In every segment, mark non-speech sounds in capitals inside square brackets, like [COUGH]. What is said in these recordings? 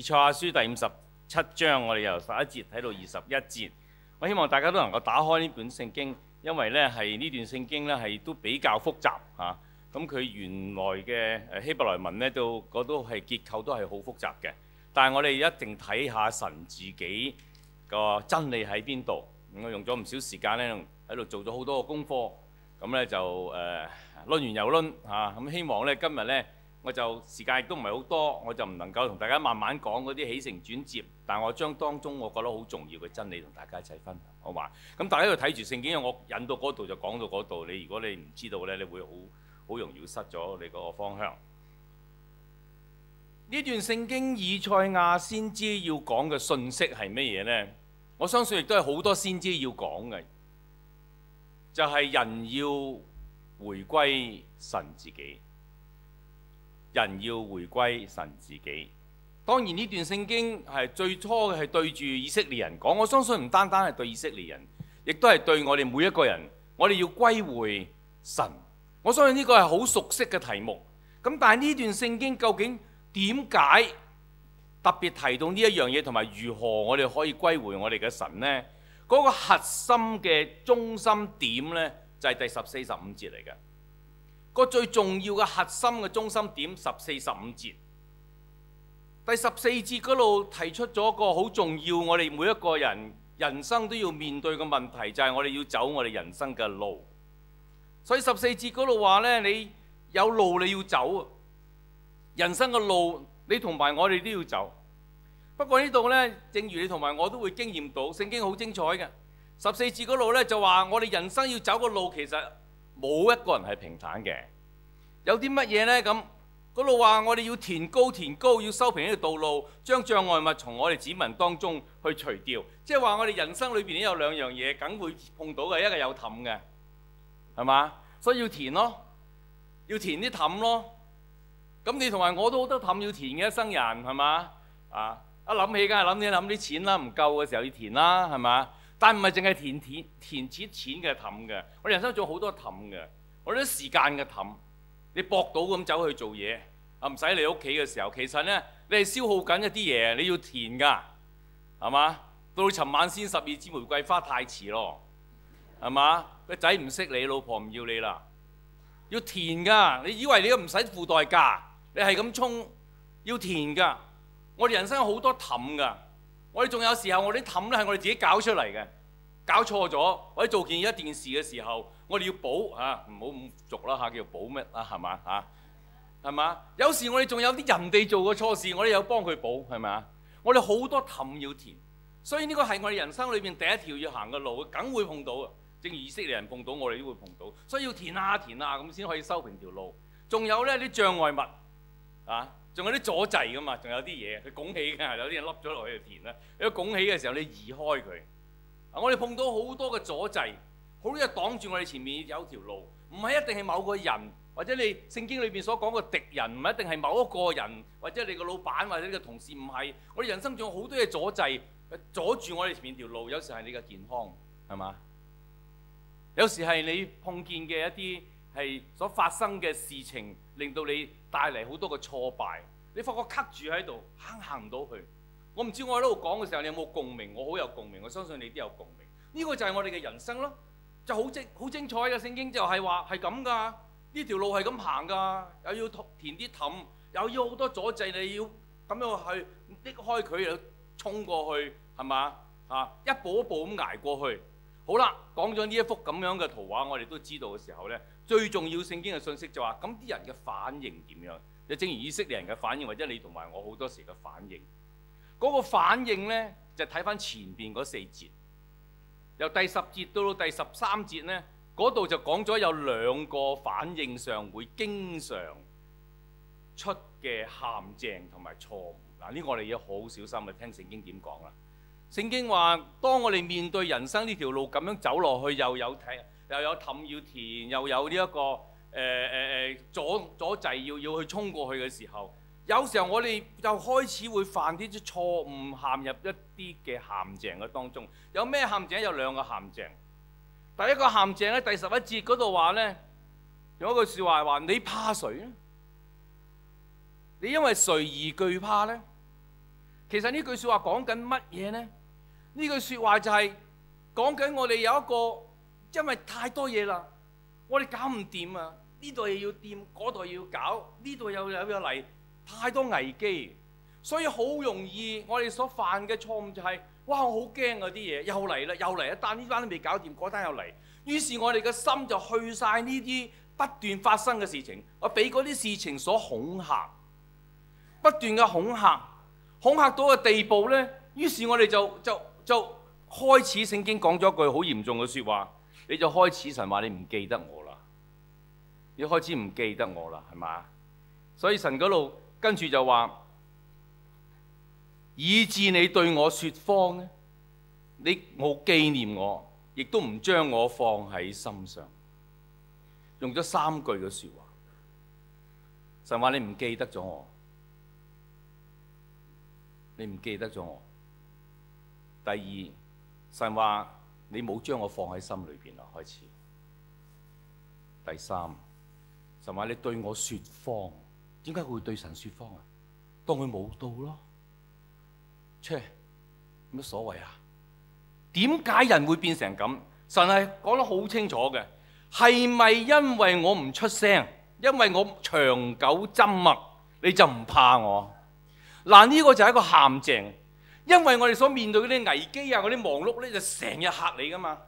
以賽亞書第五十七章，我哋由十一節睇到二十一節。我希望大家都能夠打開呢本聖經，因為呢係呢段聖經呢係都比較複雜嚇。咁、啊、佢、嗯、原來嘅希伯來文呢，都嗰都係結構都係好複雜嘅。但係我哋一定睇下神自己個真理喺邊度。咁、嗯、我用咗唔少時間呢，喺度做咗好多嘅功課。咁、嗯、呢就誒論、呃、完又論嚇。咁、啊嗯、希望呢，今日呢。我就時間亦都唔係好多，我就唔能夠同大家慢慢講嗰啲起承轉接，但我將當中我覺得好重要嘅真理同大家一齊分享，好嘛？咁大家要睇住聖經，我引到嗰度就講到嗰度。你如果你唔知道呢，你會好好容易失咗你嗰個方向。呢段聖經以賽亞先知要講嘅訊息係乜嘢呢？我相信亦都係好多先知要講嘅，就係人要回歸神自己。人要回歸神自己。當然呢段聖經係最初係對住以色列人講，我相信唔單單係對以色列人，亦都係對我哋每一個人。我哋要歸回神。我相信呢個係好熟悉嘅題目。咁但係呢段聖經究竟點解特別提到呢一樣嘢，同埋如何我哋可以歸回我哋嘅神呢？嗰個核心嘅中心點呢，就係第十四、十五節嚟嘅。個最重要嘅核心嘅中心點十四十五節，第十四節嗰度提出咗一個好重要，我哋每一個人人生都要面對嘅問題，就係我哋要走我哋人生嘅路。所以十四節嗰度話呢，你有路你要走，人生嘅路你同埋我哋都要走。不過呢度呢，正如你同埋我都會經驗到，聖經好精彩嘅十四節嗰度呢，就話，我哋人生要走嘅路其實，冇一個人係平坦嘅，有啲乜嘢呢？咁嗰度話我哋要填高填高，要修平呢條道路，將障礙物從我哋指紋當中去除掉。即係話我哋人生裏邊有兩樣嘢，梗會碰到嘅，一個有氹嘅，係嘛？所以要填咯，要填啲氹咯。咁你同埋我都覺得氹要填嘅一生人係嘛？啊！一諗起梗係諗啲諗啲錢啦，唔夠嘅時候要填啦，係嘛？但唔係淨係填填填錢錢嘅氹嘅，我哋人生仲有好多氹嘅，我哋啲時間嘅氹，你搏到咁走去做嘢啊，唔使你屋企嘅時候，其實呢，你係消耗緊一啲嘢，你要填噶，係嘛？到尋晚先十二支玫瑰花太遲咯，係嘛？個仔唔識你，老婆唔要你啦，要填噶，你以為你都唔使付代價，你係咁衝，要填噶，我哋人生好多氹噶。我哋仲有時候，我哋啲氹咧係我哋自己搞出嚟嘅，搞錯咗或者做件一件事嘅時候，我哋要補嚇，唔好咁俗啦嚇，叫做補乜啊係嘛嚇，係嘛？有時我哋仲有啲人哋做過錯事，我哋有幫佢補係嘛？我哋好多氹要填，所以呢個係我哋人生裏邊第一條要行嘅路，梗會碰到。正如以色列人碰到我哋都會碰到，所以要填啊填啊咁先可以修平條路。仲有呢啲障礙物。啊！仲有啲阻滯㗎嘛？仲有啲嘢，佢拱起嘅，有啲人凹咗落去就填啦。如果拱起嘅時候，你移開佢。啊！我哋碰到好多嘅阻滯，好多嘢擋住我哋前面有條路。唔係一定係某個人，或者你聖經裏邊所講嘅敵人，唔係一定係某一個人，或者你嘅老闆或者你嘅同事，唔係。我哋人生仲有好多嘢阻滯，阻住我哋前面條路。有時係你嘅健康，係嘛？有時係你碰見嘅一啲。係所發生嘅事情，令到你帶嚟好多嘅挫敗。你發覺卡住喺度，慳行唔到去。我唔知我喺度講嘅時候，你有冇共鳴？我好有共鳴，我相信你都有共鳴。呢個就係我哋嘅人生咯，就好精好精彩嘅聖經就係話係咁㗎。呢條路係咁行㗎，又要填啲氹，又要好多阻滯，你要咁樣去拎開佢，又衝過去，係嘛？啊，一步一步咁捱過去。好啦，講咗呢一幅咁樣嘅圖畫，我哋都知道嘅時候呢，最重要聖經嘅信息就話：咁啲人嘅反應點樣？即係正如以色列人嘅反應，或者你同埋我好多時嘅反應，嗰個反應呢，就睇翻前邊嗰四節，由第十節到到第十三節呢，嗰度就講咗有兩個反應上會經常出嘅陷阱同埋錯誤。嗱，呢個我哋要好小心去聽聖經點講啦。聖經話：當我哋面對人生呢條路咁樣走落去，又有踢又有氹要填，又有呢、這、一個誒誒誒阻阻滯要要去衝過去嘅時候，有時候我哋就開始會犯啲啲錯誤，陷入一啲嘅陷阱嘅當中。有咩陷阱？有兩個陷阱。第一個陷阱咧，第十一節嗰度話咧，有一句説話話：你怕誰咧？你因為誰而懼怕咧？其實句說呢句説話講緊乜嘢咧？呢句説話就係講緊我哋有一個，因為太多嘢啦，我哋搞唔掂啊！呢度嘢要掂，嗰度要搞，呢度又有又嚟，太多危機，所以好容易我哋所犯嘅錯誤就係、是：哇！我好驚嗰啲嘢又嚟啦，又嚟一單，呢單都未搞掂，嗰單又嚟，於是我哋嘅心就去晒呢啲不斷發生嘅事情，我俾嗰啲事情所恐嚇，不斷嘅恐嚇，恐嚇到嘅地步咧，於是我哋就就。就就開始聖經講咗句好嚴重嘅説話，你就開始神話你唔記得我啦，你開始唔記得我啦，係嘛？所以神嗰度跟住就話，以至你對我説謊呢，你冇紀念我，亦都唔將我放喺心上。用咗三句嘅説話，神話你唔記得咗我，你唔記得咗我。第二，神話你冇將我放喺心裏邊喇。開始。第三，神話你對我説謊，點解會對神説謊啊？當佢冇到咯。切，乜所謂啊？點解人會變成咁？神係講得好清楚嘅，係咪因為我唔出聲，因為我長久沉默你就唔怕我？嗱，呢個就係一個陷阱。因為我哋所面對嗰啲危機啊，嗰啲忙碌咧就成日嚇你噶嘛，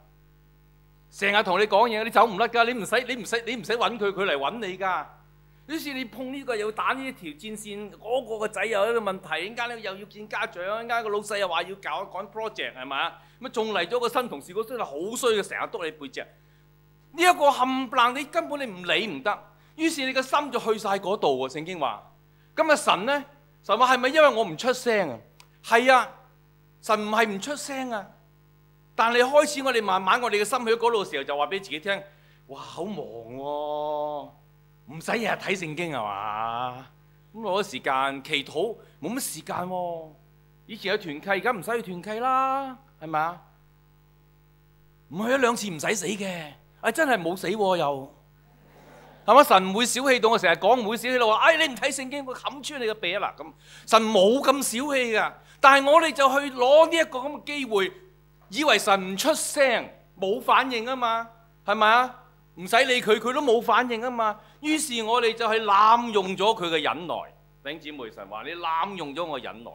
成日同你講嘢，你走唔甩噶，你唔使你唔使你唔使揾佢，佢嚟揾你噶。於是你碰呢、這個又打呢條戰線，嗰、那個個仔又一個問題，點解你又要見家長，點解個老細又話要搞緊 project 係咪？咁、嗯、啊，仲嚟咗個新同事，個真係好衰嘅，成日督你背脊。呢、這、一個冚唪唥你根本你唔理唔得，於是你個心就去晒嗰度喎。聖經話：今日神咧，神話係咪因為我唔出聲啊？係啊，神唔係唔出聲啊，但係你開始我哋慢慢我哋嘅心去咗嗰度嘅時候，就話俾自己聽，哇，好忙喎、啊，唔使日日睇聖經係嘛，咁攞啲時間祈禱冇乜時間喎、啊，以前有團契而家唔使去團契啦，係咪啊？唔去一兩次唔使死嘅，哎、真沒死啊，真係冇死又。係嘛？神唔會小氣到我成日講，唔會小氣到話，哎，你唔睇聖經，我冚穿你個鼻啊嗱。咁神冇咁小氣㗎，但係我哋就去攞呢一個咁嘅機會，以為神唔出聲冇反應啊嘛，係咪啊？唔使理佢，佢都冇反應啊嘛。於是，我哋就去濫用咗佢嘅忍耐，弟兄姊妹，神話你濫用咗我忍耐，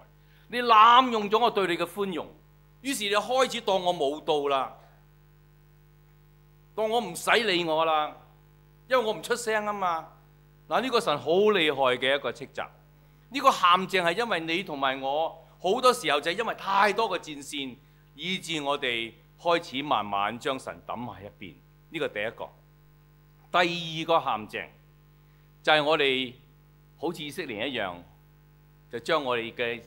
你濫用咗我對你嘅寬容。於是，你開始當我冇到啦，當我唔使理我啦。因為我唔出聲啊嘛，嗱、這、呢個神好厲害嘅一個斥責，呢、這個陷阱係，因為你同埋我好多時候就係因為太多個戰線，以致我哋開始慢慢將神抌埋一邊。呢、這個第一個，第二個陷阱，就係、是、我哋好似以色列一樣，就將我哋嘅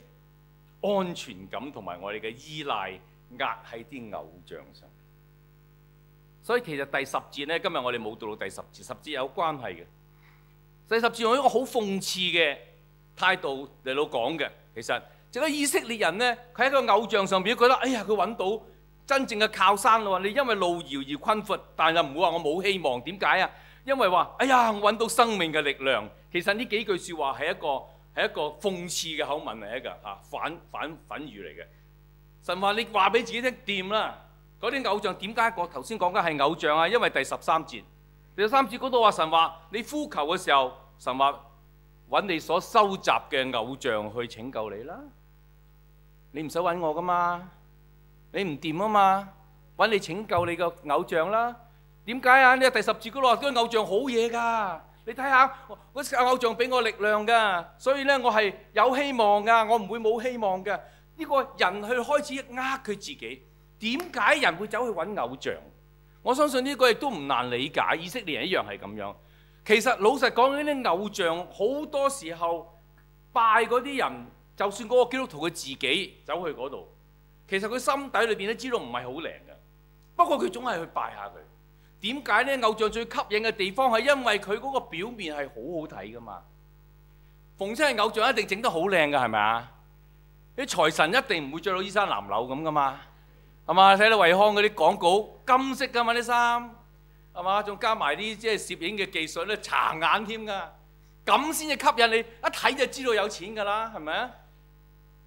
安全感同埋我哋嘅依賴壓喺啲偶像上。所以其實第十節咧，今日我哋冇讀到第十節，十節有關係嘅。第十節用一個好諷刺嘅態度嚟到講嘅，其實只係以色列人咧，佢喺個偶像上面都覺得，哎呀，佢揾到真正嘅靠山啦！你因為路遙而困乏，但又唔會話我冇希望。點解啊？因為話，哎呀，我揾到生命嘅力量。其實呢幾句説話係一個係一個諷刺嘅口吻嚟嘅嚇，反反反語嚟嘅。神話你話俾自己聽掂啦。嗰啲偶像，點解我頭先講嘅係偶像啊？因為第十三節，第十三節嗰度話神話，你呼求嘅時候，神話揾你所收集嘅偶像去拯救你啦。你唔使揾我噶嘛，你唔掂啊嘛，揾你拯救你個偶像啦。點解啊？呢個第十節嗰度話啲偶像好嘢㗎。你睇下，嗰啲偶像俾我力量㗎，所以咧我係有希望㗎，我唔會冇希望嘅。呢個人去開始呃佢自己。點解人會走去揾偶像？我相信呢個亦都唔難理解。以色列人一樣係咁樣。其實老實講，呢啲偶像好多時候拜嗰啲人，就算嗰個基督徒佢自己走去嗰度，其實佢心底裏面都知道唔係好靚嘅。不過佢總係去拜下佢。點解呢？偶像最吸引嘅地方係因為佢嗰個表面係好好睇噶嘛。逢親係偶像一定整得好靚噶，係咪啊？啲財神一定唔會着到衣衫襤褸咁噶嘛。係嘛？睇到維康嗰啲廣告，金色噶嘛啲衫，係嘛？仲加埋啲即係攝影嘅技術咧，搽眼添㗎，咁先至吸引你一睇就知道有錢㗎啦，係咪啊？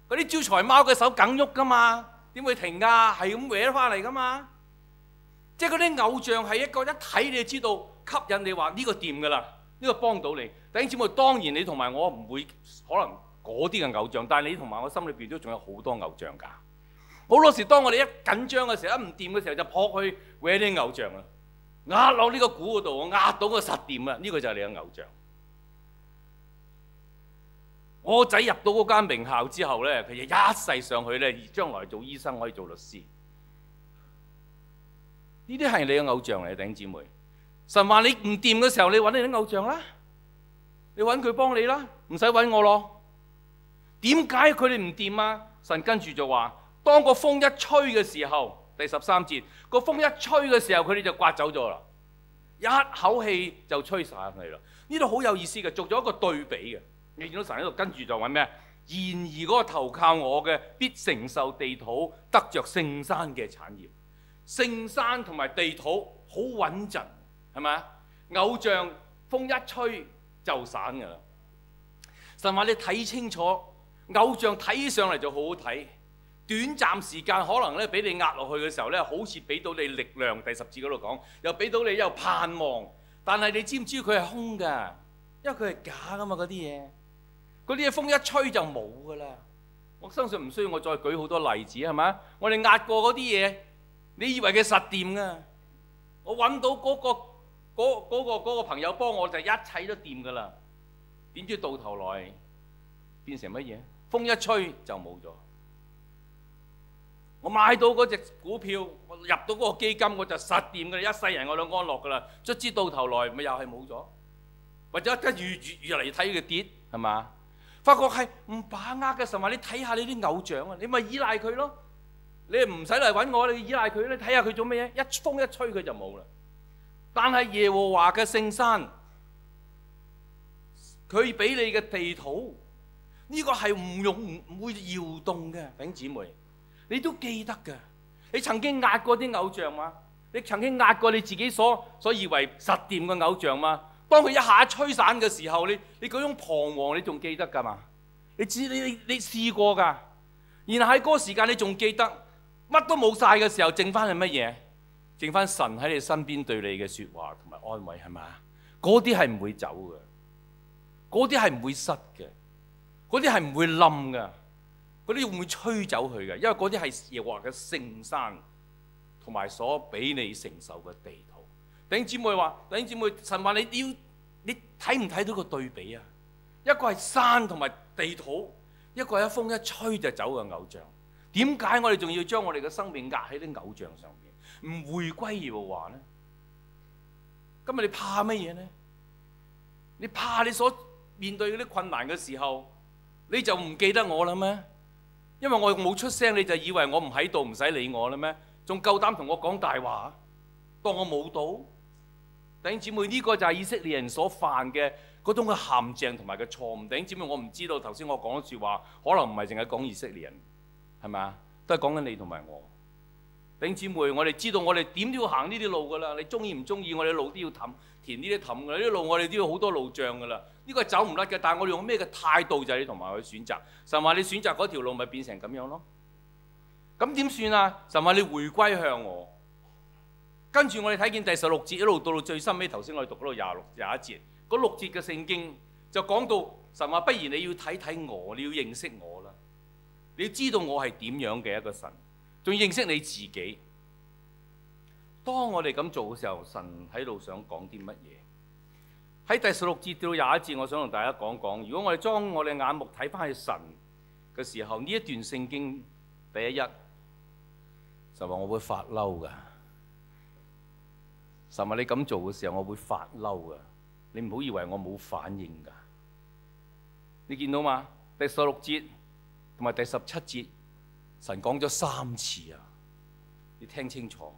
嗰啲招財貓嘅手梗喐噶嘛，點會停㗎？係咁歪翻嚟㗎嘛？即係嗰啲偶像係一個一睇你就知道吸引你話呢、這個掂㗎啦，呢、這個幫到你。弟兄姊妹，當然你同埋我唔會可能嗰啲嘅偶像，但係你同埋我心裏邊都仲有好多偶像㗎。好多時，當我哋一緊張嘅時候，一唔掂嘅時候，就撲去搲啲偶像啊，壓落呢個鼓嗰度，壓到佢實掂啊！呢、這個就係你嘅偶像。我仔入到嗰間名校之後咧，佢就一世上去咧，將來做醫生可以做律師。呢啲係你嘅偶像嚟，頂姊妹。神話你唔掂嘅時候，你揾你啲偶像啦，你揾佢幫你啦，唔使揾我咯。點解佢哋唔掂啊？神跟住就話。當個風一吹嘅時候，第十三節，個風一吹嘅時候，佢哋就刮走咗啦，一口氣就吹散嚟啦。呢度好有意思嘅，做咗一個對比嘅。你見到神喺度跟住就揾咩？然而嗰個投靠我嘅，必承受地土，得着聖山嘅產業。聖山同埋地土好穩陣，係咪啊？偶像風一吹就散噶啦。神話你睇清楚，偶像睇上嚟就好好睇。短暫時間可能咧，俾你壓落去嘅時候咧，好似俾到你力量。第十節嗰度講，又俾到你又盼望。但係你知唔知佢係空㗎？因為佢係假㗎嘛，嗰啲嘢，嗰啲嘢風一吹就冇㗎啦。我相信唔需要我再舉好多例子，係咪？我哋壓過嗰啲嘢，你以為佢實掂㗎？我揾到嗰、嗰個嗰、嗰個嗰個、朋友幫我，我就一切都掂㗎啦。點知到頭來變成乜嘢？風一吹就冇咗。我買到嗰隻股票，我入到嗰個基金，我就實掂㗎喇，一世人我都安樂㗎喇。卒之到頭來咪又係冇咗，或者一越越越嚟越睇佢跌，係嘛？發覺係唔把握嘅時候，你睇下你啲偶像啊，你咪依賴佢咯。你唔使嚟揾我，你依賴佢咧，你睇下佢做咩嘢？一風一吹佢就冇啦。但係耶和華嘅聖山，佢俾你嘅地土，呢個係唔用唔會搖動嘅。頂姊妹。你都記得㗎，你曾經壓過啲偶像嘛？你曾經壓過你自己所所以為實掂嘅偶像嘛？當佢一下吹散嘅時候，你你嗰種彷徨你仲記得㗎嘛？你知你你你試過㗎，然後喺嗰個時間你仲記得乜都冇晒嘅時候，剩返係乜嘢？剩返神喺你身邊對你嘅説話同埋安慰係嘛？嗰啲係唔會走嘅，嗰啲係唔會失嘅，嗰啲係唔會冧㗎。嗰啲會唔會吹走佢嘅？因為嗰啲係耶和華嘅聖山，同埋所俾你承受嘅地土。弟兄姊妹話，弟兄姊妹，神話你，你你睇唔睇到個對比啊？一個係山同埋地土，一個係一風一吹就走嘅偶像。點解我哋仲要將我哋嘅生命壓喺啲偶像上面，唔回歸耶和華咧？今日你怕乜嘢咧？你怕你所面對嗰啲困難嘅時候，你就唔記得我啦咩？因為我冇出聲，你就以為我唔喺度，唔使理我咧咩？仲夠膽同我講大話，當我冇到？弟兄姐妹呢，這個就係以色列人所犯嘅嗰種嘅陷阱同埋嘅錯誤。弟兄姐妹，我唔知道頭先我講咗説話，可能唔係淨係講以色列人，係咪？都係講緊你同埋我。頂姊妹，我哋知道我哋點都要行呢啲路噶啦。你中意唔中意，我哋路都要氹填呢啲氹嘅，呢啲路，路我哋都要好多路障噶啦。呢、這個係走唔甩嘅，但係我用咩嘅態度就係你同埋去選擇。神話你選擇嗰條路咪變成咁樣咯？咁點算啊？神話你回歸向我。跟住我哋睇見第十六節一路到到最深尾，頭先我哋讀嗰度廿六廿一節，嗰六節嘅聖經就講到神話，不如你要睇睇我，你要認識我啦，你知道我係點樣嘅一個神。仲認識你自己。當我哋咁做嘅時候，神喺度想講啲乜嘢？喺第十六節到廿一節，我想同大家講講。如果我哋將我哋眼目睇返去神嘅時候，呢一段聖經第一，神話我會發嬲噶。神話你咁做嘅時候，我會發嬲噶。你唔好以為我冇反應噶。你見到嘛？第十六節同埋第十七節。神講咗三次啊，你聽清楚。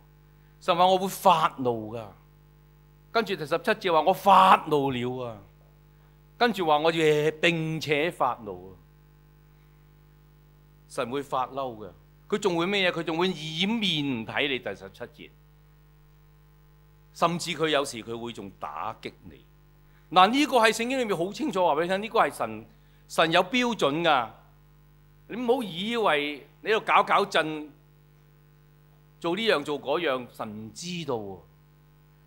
神話我會發怒噶，跟住第十七節話我發怒了啊，跟住話我嘢並且發怒啊。神會發嬲噶，佢仲會咩嘢？佢仲會掩面睇你。第十七節，甚至佢有時佢會仲打擊你。嗱、這、呢個喺聖經裏面好清楚話俾你聽，呢、這個係神，神有標準噶。你唔好以為你喺度搞搞震做呢樣做嗰樣，神唔知道喎。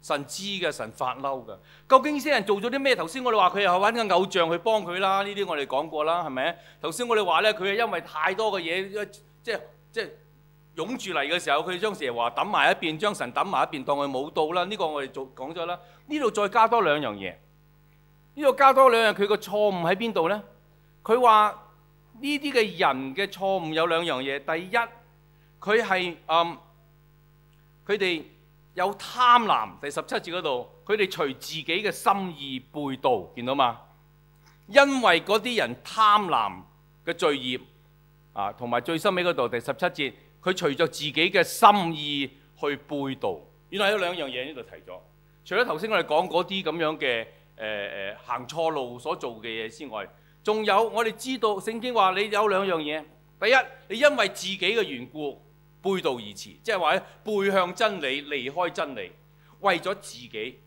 神知嘅，神發嬲嘅。究竟呢啲人做咗啲咩？頭先我哋話佢又搵個偶像去幫佢啦，呢啲我哋講過啦，係咪？頭先我哋話咧，佢係因為太多嘅嘢，即係即係湧住嚟嘅時候，佢將神話抌埋一邊，將神抌埋一邊，當佢冇到啦。呢、這個我哋做講咗啦。呢度再加多兩樣嘢，呢度加多兩樣，佢個錯誤喺邊度咧？佢話。呢啲嘅人嘅錯誤有兩樣嘢，第一，佢係誒佢哋有貪婪，第十七節嗰度佢哋隨自己嘅心意背道，見到嗎？因為嗰啲人貪婪嘅罪孽啊，同埋最深尾嗰度第十七節，佢隨着自己嘅心意去背道。原來有兩樣嘢呢度提咗，除咗頭先我哋講嗰啲咁樣嘅誒誒行錯路所做嘅嘢之外。仲有，我哋知道聖經話你有兩樣嘢。第一，你因為自己嘅緣故背道而馳，即係話咧背向真理、離開真理，為咗自己。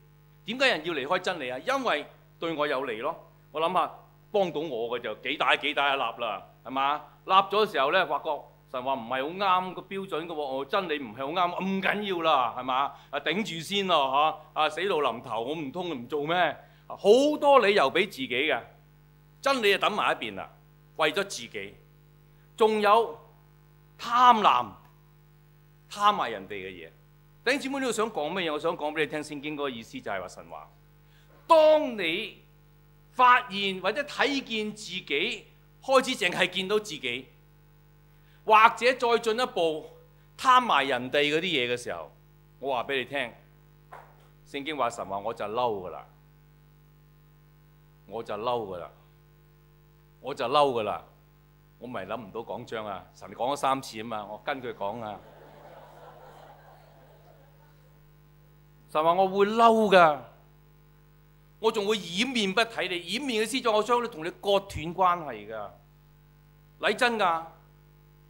點解人要離開真理啊？因為對我有利咯。我諗下幫到我嘅就幾大幾大一立啦，係嘛？立咗嘅時候咧，發覺神話唔係好啱個標準嘅喎，我真理唔係好啱，唔緊要啦，係嘛？啊，頂住先咯，嚇！啊，死到臨頭，我唔通唔做咩？好多理由俾自己嘅。真理就抌埋一邊啦，為咗自己，仲有貪婪，貪埋人哋嘅嘢。弟兄姊妹，你想講乜嘢？我想講俾你聽，聖經嗰個意思就係話神話。當你發現或者睇見自己開始淨係見到自己，或者再進一步貪埋人哋嗰啲嘢嘅時候，我話俾你聽，聖經話神話我就嬲噶啦，我就嬲噶啦。我就我就嬲噶啦，我咪諗唔到講章啊！神講咗三次啊嘛，我跟佢講啊。 [LAUGHS] 神話我會嬲噶，我仲會掩面不睇你，掩面嘅思想，我將你同你割斷關係噶，嚟真噶。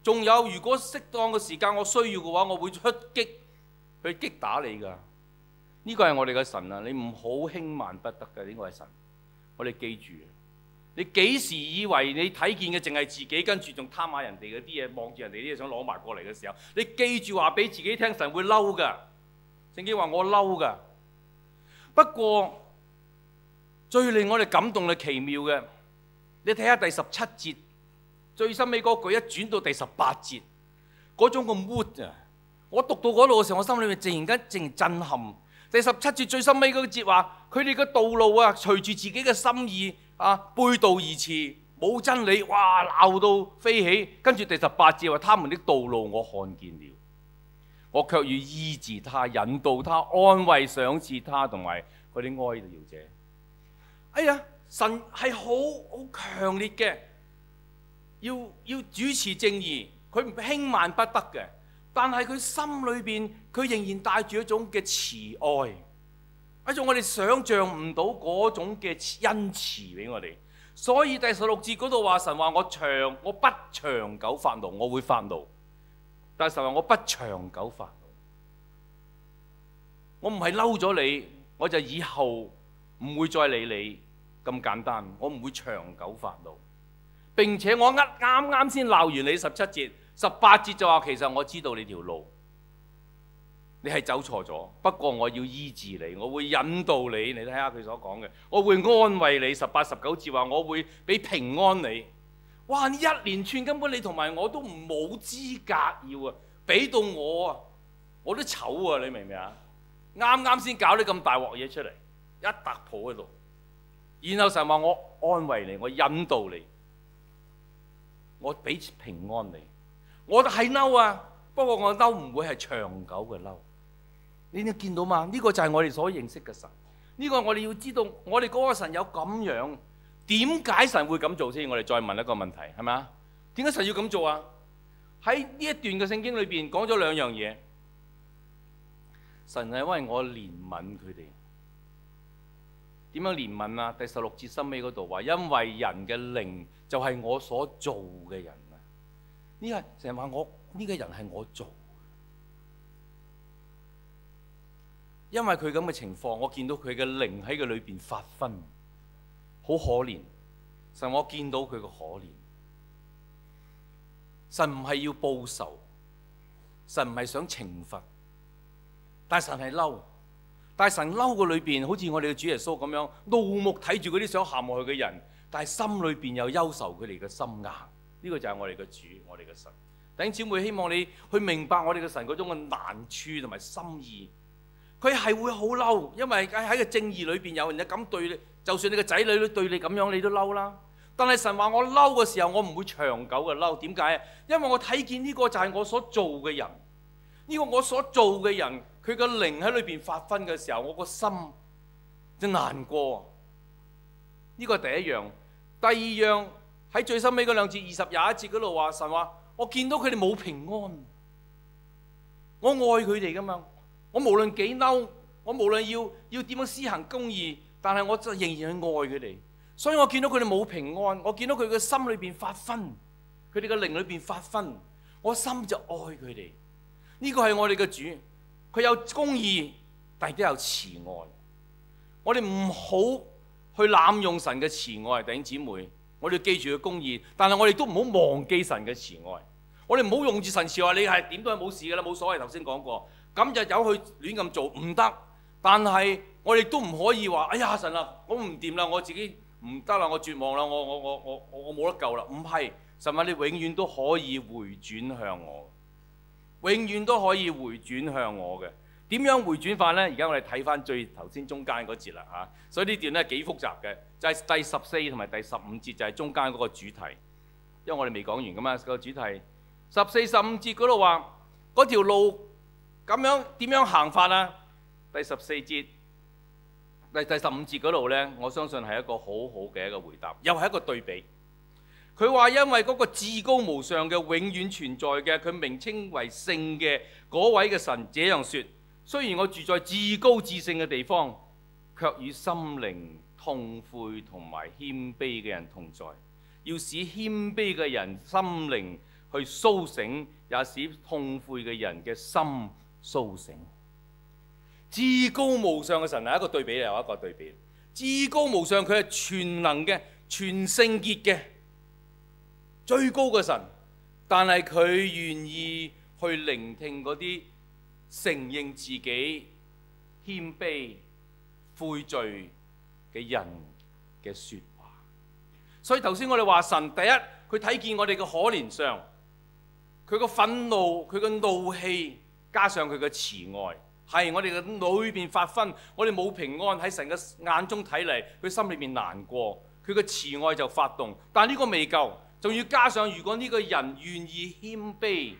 仲有，如果適當嘅時間我需要嘅話，我會出擊去擊打你噶。呢、這個係我哋嘅神啊！你唔好輕慢不得嘅，呢、這個係神，我哋記住。你幾時以為你睇見嘅淨係自己，跟住仲貪下人哋嗰啲嘢，望住人哋啲嘢想攞埋過嚟嘅時候，你記住話俾自己聽，神會嬲㗎。聖經話我嬲㗎。不過最令我哋感動嘅奇妙嘅，你睇下第十七節最深尾嗰句，一轉到第十八節嗰種個 mood 啊，我讀到嗰度嘅時候，我心裏面突然間淨震撼。第十七節最深尾嗰節話，佢哋嘅道路啊，隨住自己嘅心意。啊！背道而馳，冇真理，哇！鬧到飛起，跟住第十八節話：他們的道路我看見了，我卻要醫治他、引導他、安慰賞賜他，同埋佢啲哀悼者。哎呀！神係好好強烈嘅，要要主持正義，佢唔輕慢不得嘅。但係佢心裏邊，佢仍然帶住一種嘅慈愛。喺度，我哋想象唔到嗰種嘅恩慈俾我哋，所以第十六節嗰度話神話我長，我不長久發怒，我會發怒，但係神話我不長久發怒，我唔係嬲咗你，我就以後唔會再理你咁簡單，我唔會長久發怒。並且我啱啱先鬧完你十七節，十八節就話，其實我知道你條路。你係走錯咗，不過我要醫治你，我會引導你。你睇下佢所講嘅，我會安慰你，十八十九節話，我會俾平安你。哇！你一連串根本你同埋我都冇資格要啊，俾到我啊，我都醜啊！你明唔明啊？啱啱先搞啲咁大鑊嘢出嚟，一笪破喺度，然後神話我安慰你，我引導你，我俾平安你，我係嬲啊！不過我嬲唔會係長久嘅嬲。你哋見到嘛？呢個就係我哋所認識嘅神。呢個我哋要知道，我哋嗰個神有咁樣，點解神會咁做先？我哋再問一個問題，係咪啊？點解神要咁做啊？喺呢一段嘅聖經裏邊講咗兩樣嘢。神係因為我憐憫佢哋，點樣憐憫啊？第十六節收尾嗰度話，因為人嘅靈就係我所做嘅人啊。呢個成日話我呢個人係我做。因為佢咁嘅情況，我見到佢嘅靈喺佢裏邊發昏，好可憐。神我見到佢個可憐，神唔係要報仇，神唔係想懲罰，但係神係嬲，但係神嬲嘅裏邊，好似我哋嘅主耶穌咁樣，怒目睇住嗰啲想行落去嘅人，但係心裏邊又憂愁佢哋嘅心硬。呢個就係我哋嘅主，我哋嘅神。弟兄姊妹，希望你去明白我哋嘅神嗰種嘅難處同埋心意。佢係會好嬲，因為喺個正義裏邊有人就咁對你，就算你個仔女都對你咁樣，你都嬲啦。但係神話我嬲嘅時候，我唔會長久嘅嬲。點解？因為我睇見呢個就係我所做嘅人，呢個我所做嘅人，佢個靈喺裏邊發昏嘅時候，我個心真難過。呢個第一樣，第二樣喺最收尾嗰兩節二十廿一節嗰度話，神話我見到佢哋冇平安，我愛佢哋噶嘛。我無論幾嬲，我無論要要點樣施行公義，但係我仍然去愛佢哋。所以我見到佢哋冇平安，我見到佢嘅心裏邊發憤，佢哋嘅靈裏邊發憤，我心就愛佢哋。呢個係我哋嘅主，佢有公義，但係都有慈愛。我哋唔好去濫用神嘅慈愛，弟兄姊妹，我哋要記住佢公義，但係我哋都唔好忘記神嘅慈愛。我哋唔好用住神慈愛，你係點都係冇事㗎啦，冇所謂。頭先講過。咁就有去亂咁做，唔得，但係我哋都唔可以話：哎呀，神啊，我唔掂啦，我自己唔得啦，我絕望啦，我我我我我冇得救啦！唔係，神啊，你永遠都可以回轉向我，永遠都可以回轉向我嘅。點樣回轉法呢？而家我哋睇翻最頭先中間嗰節啦嚇，所以呢段咧幾複雜嘅，就係第十四同埋第十五節就係中間嗰個主題，因為我哋未講完噶嘛個主題。十四、十五節嗰度話嗰條路。咁樣點樣行法啊？第十四節、第第十五節嗰度呢，我相信係一個好好嘅一個回答，又係一個對比。佢話因為嗰個至高無上嘅、永遠存在嘅、佢名稱為聖嘅嗰位嘅神這樣説：雖然我住在至高至聖嘅地方，卻與心靈痛悔同埋謙卑嘅人同在，要使謙卑嘅人心靈去甦醒，也使痛悔嘅人嘅心甦醒，至高無上嘅神係一個對比，又一個對比，至高無上，佢係全能嘅、全聖潔嘅最高嘅神，但係佢願意去聆聽嗰啲承認自己謙卑、悔罪嘅人嘅說話。所以頭先我哋話神第一，佢睇見我哋嘅可憐相，佢個憤怒、佢個怒氣。加上佢嘅慈愛，係我哋嘅裏邊發昏，我哋冇平安，喺神嘅眼中睇嚟，佢心裏邊難過，佢嘅慈愛就發動。但呢個未夠，仲要加上，如果呢個人願意謙卑，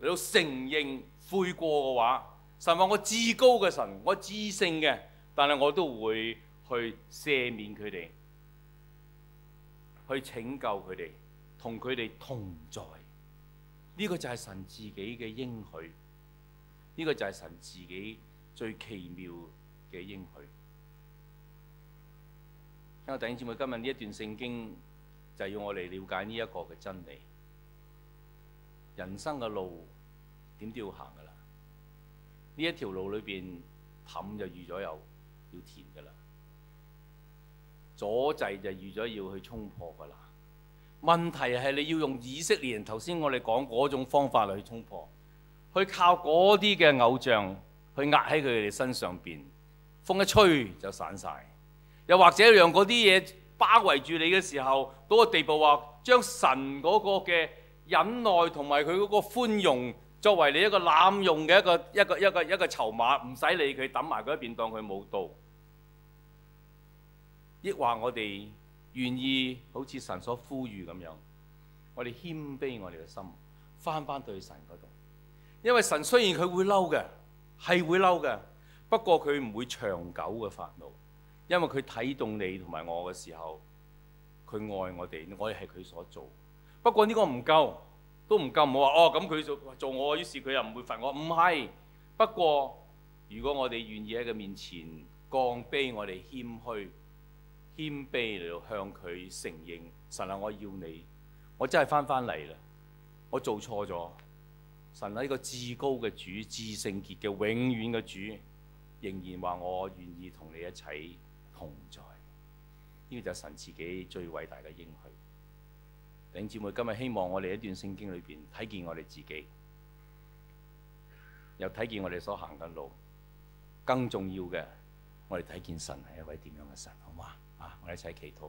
嚟到承認悔過嘅話，神話，我至高嘅神，我至聖嘅，但係我都會去赦免佢哋，去拯救佢哋，同佢哋同在。呢個就係神自己嘅應許。呢個就係神自己最奇妙嘅應許。咁啊，弟兄姊妹，今日呢一段聖經就係要我哋了解呢一個嘅真理。人生嘅路點都要行噶啦。呢一條路裏邊冚就預咗要要填噶啦。阻滯就預咗要去衝破噶啦。問題係你要用以色列人頭先我哋講嗰種方法嚟去衝破。去靠嗰啲嘅偶像去壓喺佢哋身上邊，風一吹就散晒，又或者讓嗰啲嘢包圍住你嘅時候，到個地步話將神嗰個嘅忍耐同埋佢嗰個寬容作為你一個濫用嘅一個一個一個一個一個籌碼，唔使理佢抌埋嗰一邊，當佢冇到。抑或我哋願意好似神所呼籲咁樣，我哋謙卑我哋嘅心，翻翻對神嗰度。因為神雖然佢會嬲嘅，係會嬲嘅，不過佢唔會長久嘅憤怒，因為佢睇動你同埋我嘅時候，佢愛我哋，我哋係佢所做。不過呢個唔夠，都唔夠，唔好話哦咁佢做做我，於是佢又唔會罰我。唔係，不過如果我哋願意喺佢面前降卑，我哋謙虛、謙卑嚟到向佢承認，神啊，我要你，我真係翻翻嚟啦，我做錯咗。神喺、啊、一、這個至高嘅主、至聖潔嘅、永遠嘅主，仍然話我願意同你一齊同在。呢、這個就係神自己最偉大嘅應許。弟兄姊妹，今日希望我哋一段聖經裏邊睇見我哋自己，又睇見我哋所行嘅路。更重要嘅，我哋睇見神係一位點樣嘅神，好嘛？啊，我哋一齊祈禱。